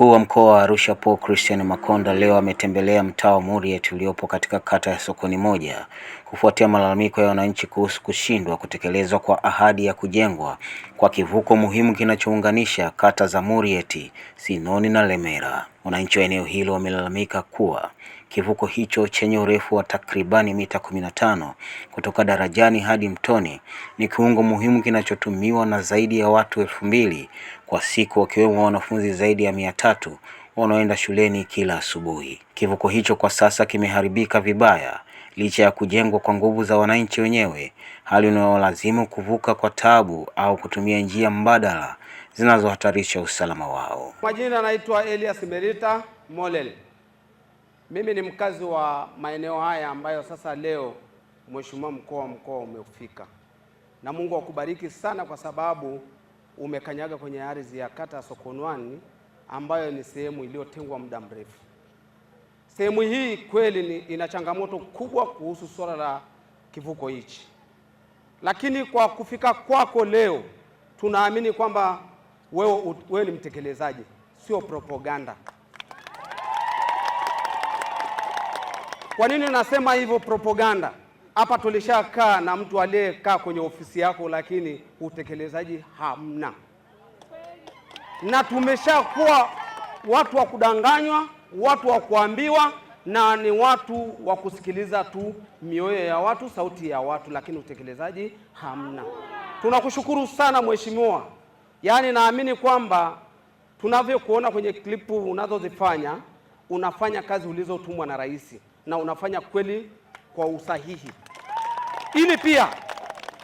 Mkuu wa Mkoa wa Arusha Paul Christian Makonda leo ametembelea mtaa wa Muriet uliopo katika kata ya Sokoni moja kufuatia malalamiko ya wananchi kuhusu kushindwa kutekelezwa kwa ahadi ya kujengwa kwa kivuko muhimu kinachounganisha kata za Muriet, Sinoni na Lemera. Wananchi wa eneo hilo wamelalamika kuwa Kivuko hicho chenye urefu wa takribani mita 15 kutoka darajani hadi mtoni ni kiungo muhimu kinachotumiwa na zaidi ya watu elfu mbili kwa siku, wakiwemo wanafunzi zaidi ya mia tatu wanaoenda shuleni kila asubuhi. Kivuko hicho kwa sasa kimeharibika vibaya licha ya kujengwa kwa nguvu za wananchi wenyewe, hali inayolazimu kuvuka kwa taabu au kutumia njia mbadala zinazohatarisha usalama wao. Kwa jina anaitwa Elias Merita Molel. Mimi ni mkazi wa maeneo haya ambayo sasa leo Mheshimiwa mkuu wa mkoa umefika, na Mungu akubariki sana, kwa sababu umekanyaga kwenye ardhi ya kata ya sokonwani ambayo ni sehemu iliyotengwa muda mrefu. Sehemu hii kweli ni ina changamoto kubwa kuhusu swala la kivuko hichi, lakini kwa kufika kwako leo tunaamini kwamba wewe, wewe ni mtekelezaji, sio propaganda. Kwa nini nasema hivyo propaganda? Hapa tulishakaa na mtu aliyekaa kwenye ofisi yako, lakini utekelezaji hamna, na tumeshakuwa watu wa kudanganywa, watu wa kuambiwa, na ni watu wa kusikiliza tu mioyo ya watu, sauti ya watu, lakini utekelezaji hamna. Tunakushukuru sana mheshimiwa, yaani naamini kwamba tunavyokuona kwenye klipu unazozifanya unafanya kazi ulizotumwa na rais na unafanya kweli kwa usahihi, ili pia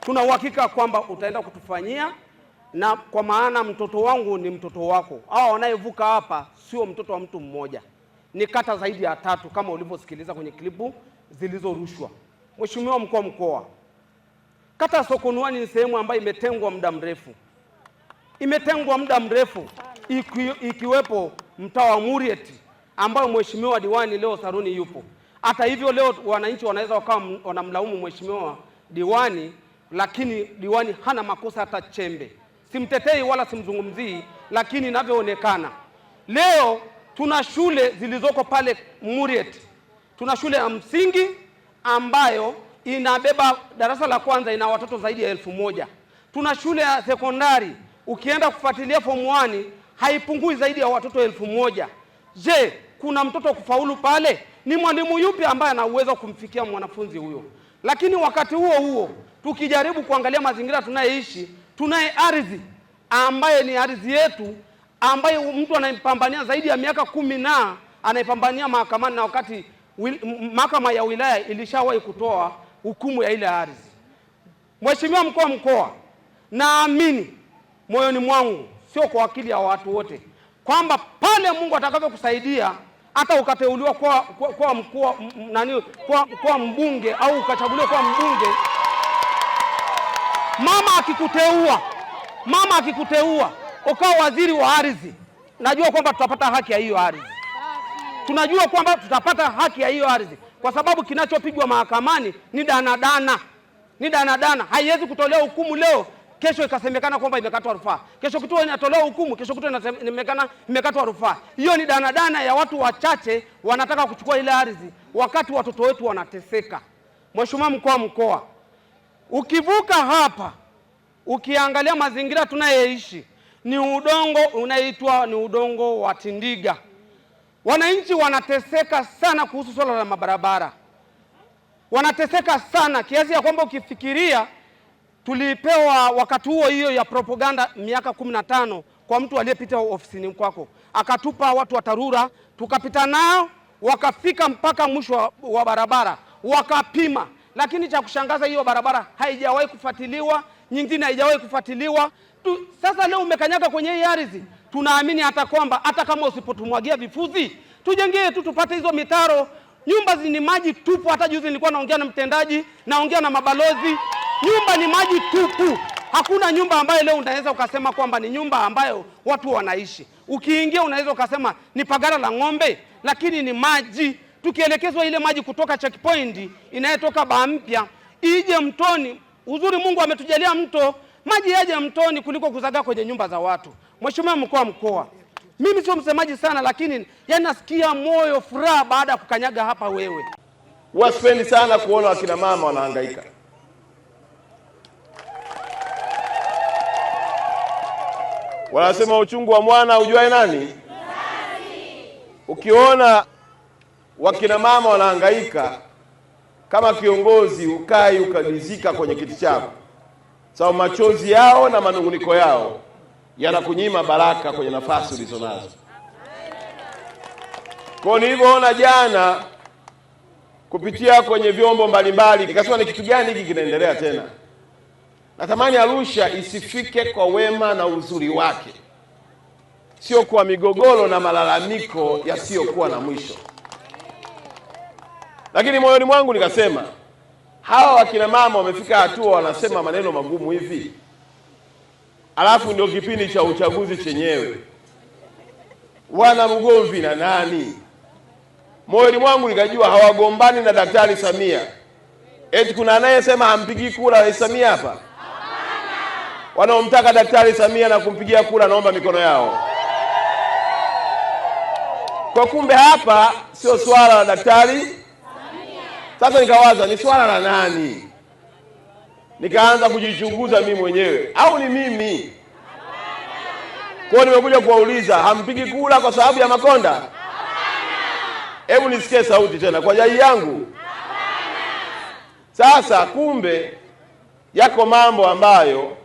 tuna uhakika kwamba utaenda kutufanyia na kwa maana mtoto wangu ni mtoto wako. Hawa wanayevuka hapa sio mtoto wa mtu mmoja, ni kata zaidi ya tatu, kama ulivyosikiliza kwenye klipu zilizorushwa. Mheshimiwa mkuu wa mkoa, kata ya Sokonuani ni sehemu ambayo imetengwa muda mrefu, imetengwa muda mrefu iki, ikiwepo mtaa wa Murieti ambayo mheshimiwa diwani leo Saruni yupo. Hata hivyo, leo wananchi wanaweza wakawa wanamlaumu mheshimiwa diwani, lakini diwani hana makosa hata chembe. Simtetei wala simzungumzii, lakini inavyoonekana leo tuna shule zilizoko pale Muriet, tuna shule ya msingi ambayo inabeba darasa la kwanza ina watoto zaidi ya elfu moja. Tuna shule ya sekondari ukienda kufuatilia fomu 1 haipungui zaidi ya watoto elfu moja. Je, kuna mtoto kufaulu pale, ni mwalimu yupi ambaye ana uwezo kumfikia mwanafunzi huyo? Lakini wakati huo huo tukijaribu kuangalia mazingira tunayoishi, tunaye ardhi ambaye ni ardhi yetu, ambaye mtu anaipambania zaidi ya miaka kumi na anaipambania mahakamani, na wakati mahakama ya wilaya ilishawahi kutoa hukumu ya ile ardhi. Mheshimiwa mkuu wa mkoa, naamini moyoni mwangu, sio kwa akili ya watu wote, kwamba pale Mungu atakavyokusaidia hata ukateuliwa kwa, kwa, kwa, kwa, nani kwa, kwa mbunge au ukachaguliwa kwa mbunge, mama akikuteua, mama akikuteua ukawa waziri wa ardhi, najua kwamba tutapata haki ya hiyo ardhi, tunajua kwamba tutapata haki ya hiyo ardhi, kwa sababu kinachopigwa mahakamani ni danadana, ni danadana. Haiwezi kutolewa hukumu leo kesho ikasemekana kwamba imekatwa rufaa, kesho kutwa inatolewa hukumu, kesho kutwa inasemekana imekatwa rufaa. Hiyo ni danadana ya watu wachache wanataka kuchukua ile ardhi, wakati watoto wetu wanateseka. Mheshimiwa mkuu wa mkoa, ukivuka hapa, ukiangalia mazingira tunayoishi ni udongo unaitwa ni udongo wa tindiga. Wananchi wanateseka sana kuhusu swala la mabarabara, wanateseka sana kiasi ya kwamba ukifikiria tulipewa wakati huo hiyo ya propaganda miaka kumi na tano kwa mtu aliyepita ofisini kwako, akatupa watu wa TARURA tukapita nao, wakafika mpaka mwisho wa barabara wakapima, lakini cha kushangaza hiyo barabara haijawahi kufuatiliwa, nyingine haijawahi kufuatiliwa tu. Sasa leo umekanyaga kwenye hii ardhi, tunaamini hata kwamba hata kama usipotumwagia vifuzi, tujengee tu tupate hizo mitaro. Nyumba zini maji tupu. Hata juzi nilikuwa naongea na mtendaji, naongea na mabalozi Nyumba ni maji tupu. Hakuna nyumba ambayo leo unaweza ukasema kwamba ni nyumba ambayo watu wanaishi. Ukiingia unaweza ukasema ni pagara la ng'ombe, lakini ni maji. Tukielekezwa ile maji kutoka checkpoint inayotoka baa mpya ije mtoni. Uzuri Mungu ametujalia mto, maji yaje mtoni kuliko kuzaga kwenye nyumba za watu. Mheshimiwa mkuu wa mkoa, mimi sio msemaji sana, lakini yanasikia yaani moyo furaha baada ya kukanyaga hapa. Wewe wasipendi sana kuona wakina mama wanahangaika Wanasema uchungu wa mwana ujuae nani? Ukiona wakina mama wanahangaika, kama kiongozi ukai ukajizika kwenye kiti chako, sababu machozi yao na manunguniko yao yanakunyima baraka kwenye nafasi ulizonazo. Kwa nilivyoona jana kupitia kwenye vyombo mbalimbali, nikasema ni kitu gani hiki kinaendelea tena? Natamani Arusha isifike kwa wema na uzuri wake, sio kwa migogoro na malalamiko yasiyokuwa na mwisho. Lakini moyoni mwangu nikasema, hawa wakina mama wamefika hatua wanasema maneno magumu hivi, alafu ndio kipindi cha uchaguzi chenyewe, wana mgomvi na nani? Moyoni mwangu nikajua hawagombani na Daktari Samia, eti kuna anayesema hampigii kura Rais Samia hapa wanaomtaka Daktari Samia na kumpigia kura, naomba mikono yao. Kwa kumbe hapa sio swala la daktari. Sasa nikawaza ni swala la nani? Nikaanza kujichunguza mimi mwenyewe, au ni mimi? Kwa nimekuja kuwauliza, hampigi kura kwa sababu ya Makonda? Hebu nisikie sauti tena kwa jai yangu. Sasa kumbe yako mambo ambayo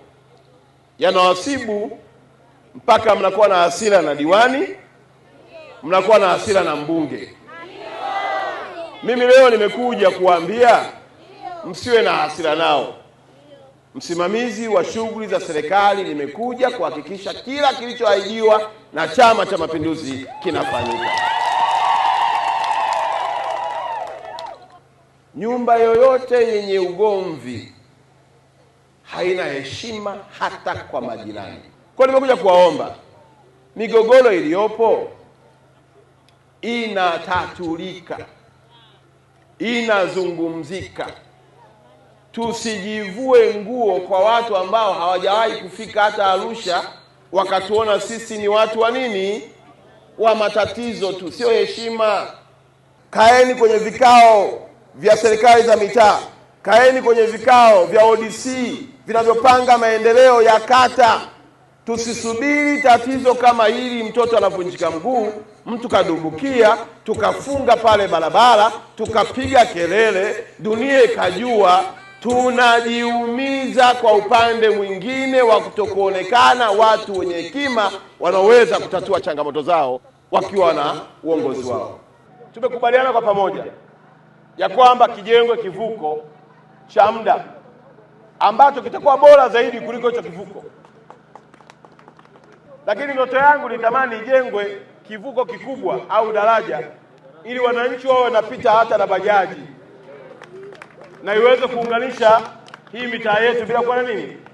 yanawasibu mpaka mnakuwa na hasira na diwani, mnakuwa na hasira na mbunge. Mimi leo nimekuja kuambia msiwe na hasira nao. Msimamizi wa shughuli za serikali, nimekuja kuhakikisha kila kilichoahidiwa na Chama cha Mapinduzi kinafanyika. Nyumba yoyote yenye ugomvi haina heshima hata kwa majirani. Kwa nimekuja kuwaomba, migogoro iliyopo inatatulika, inazungumzika. Tusijivue nguo kwa watu ambao hawajawahi kufika hata Arusha wakatuona sisi ni watu wa nini, wa matatizo tu, sio heshima. Kaeni kwenye vikao vya serikali za mitaa, kaeni kwenye vikao vya ODC, vinavyopanga maendeleo ya kata. Tusisubiri tatizo kama hili, mtoto anavunjika mguu, mtu kadumbukia, tukafunga pale barabara, tukapiga kelele, dunia ikajua. Tunajiumiza kwa upande mwingine wa kutokuonekana watu wenye hekima wanaoweza kutatua changamoto zao wakiwa na uongozi wao. Tumekubaliana kwa pamoja ya kwamba kijengwe kivuko cha muda ambacho kitakuwa bora zaidi kuliko hicho kivuko. Lakini ndoto yangu nitamani ijengwe kivuko kikubwa au daraja, ili wananchi wao wanapita hata na bajaji, na iweze kuunganisha hii mitaa yetu bila kuwa na nini